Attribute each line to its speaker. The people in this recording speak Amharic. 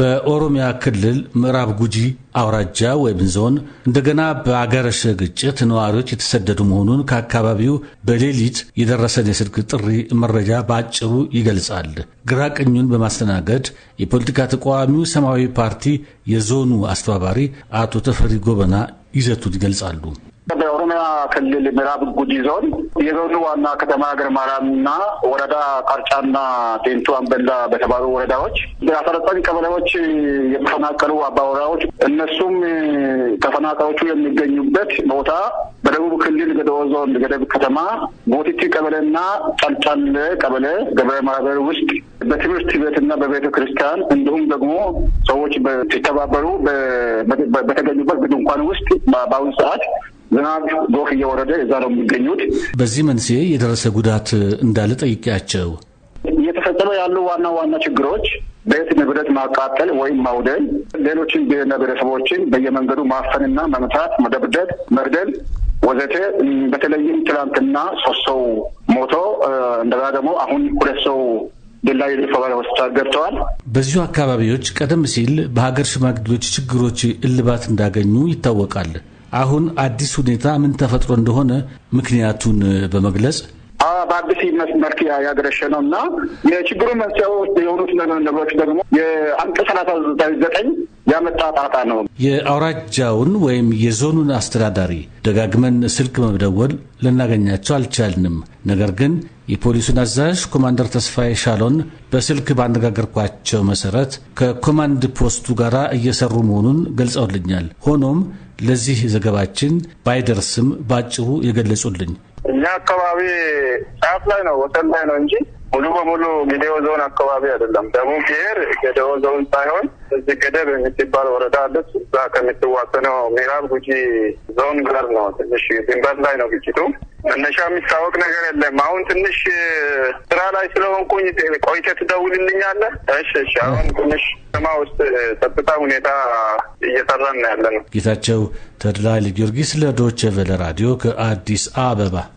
Speaker 1: በኦሮሚያ ክልል ምዕራብ ጉጂ አውራጃ ወይም ዞን እንደገና በአገረሸ ግጭት ነዋሪዎች የተሰደዱ መሆኑን ከአካባቢው በሌሊት የደረሰን የስልክ ጥሪ መረጃ በአጭሩ ይገልጻል። ግራ ቀኙን በማስተናገድ የፖለቲካ ተቃዋሚው ሰማያዊ ፓርቲ የዞኑ አስተባባሪ አቶ ተፈሪ ጎበና ይዘቱን ይገልጻሉ።
Speaker 2: ክልል ምዕራብ ጉጂ ዞን የዞኑ ዋና ከተማ ሀገር ወረዳ ቃርጫና ዴንቱ አንበላ በተባሉ ወረዳዎች አስራ ዘጠኝ ቀበሌዎች የተፈናቀሉ አባወራዎች እነሱም ተፈናቃዮቹ የሚገኙበት ቦታ በደቡብ ክልል ገደኦ ዞን ገደብ ከተማ ቦቲቲ ቀበሌና ጫልጫለ ቀበሌ ገበረ ማህበር ውስጥ በትምህርት ቤትና በቤተ ክርስቲያን እንዲሁም ደግሞ ሰዎች ሲተባበሩ በተገኙበት በድንኳን ውስጥ በአሁኑ ሰዓት ዝናብ ጎፍ እየወረደ እዛ ነው የሚገኙት።
Speaker 1: በዚህ መንስኤ የደረሰ ጉዳት እንዳለ ጠይቄያቸው
Speaker 2: እየተፈጸመ ያሉ ዋና ዋና ችግሮች ቤት ንብረት ማቃጠል ወይም ማውደል፣ ሌሎችን ብሔርና ብሔረሰቦችን በየመንገዱ ማፈንና መምታት፣ መደብደብ፣ መግደል ወዘተ። በተለይም ትላንትና ሶስት ሰው ሞቶ እንደገና ደግሞ አሁን ሁለት ሰው ድላ የተባለ ሆስፒታል ገብተዋል።
Speaker 1: በዚሁ አካባቢዎች ቀደም ሲል በሀገር ሽማግሌዎች ችግሮች እልባት እንዳገኙ ይታወቃል። አሁን አዲስ ሁኔታ ምን ተፈጥሮ እንደሆነ ምክንያቱን በመግለጽ
Speaker 2: በአዲስ መስመር ያገረሸ ነው እና የችግሩ መንስኤዎች የሆኑት ነገሮች ደግሞ የአንቀ ሰላሳ ዘጠኝ ያመጣ ጣጣ ነው።
Speaker 1: የአውራጃውን ወይም የዞኑን አስተዳዳሪ ደጋግመን ስልክ በመደወል ልናገኛቸው አልቻልንም። ነገር ግን የፖሊሱን አዛዥ ኮማንደር ተስፋዬ ሻሎን በስልክ ባነጋገርኳቸው መሰረት ከኮማንድ ፖስቱ ጋር እየሰሩ መሆኑን ገልጸውልኛል። ሆኖም ለዚህ ዘገባችን ባይደርስም በአጭሩ የገለጹልኝ
Speaker 2: እኛ አካባቢ ጫፍ ላይ ነው፣ ወሰን ላይ ነው እንጂ ሙሉ በሙሉ ጌዴኦ ዞን አካባቢ አይደለም። ደቡብ ብሔር ጌዴኦ ዞን ሳይሆን እዚህ ገደብ የምትባል ወረዳ አለች። እዛ ከምትዋሰነው ምዕራብ ጉጂ ዞን ጋር ነው። ትንሽ ድንበር ላይ ነው ግጭቱ። መነሻ የሚታወቅ ነገር የለም። አሁን ትንሽ ስራ ላይ ስለሆንኩኝ ቆይተህ ትደውልልኛለህ። እሺ፣ እሺ። አሁን ትንሽ ከተማ ውስጥ ጸጥታ ሁኔታ እየሰራን ነው ያለ ነው።
Speaker 1: ጌታቸው ተድላ ኃይለ ጊዮርጊስ ለዶቼ ቬለ ራዲዮ ከአዲስ አበባ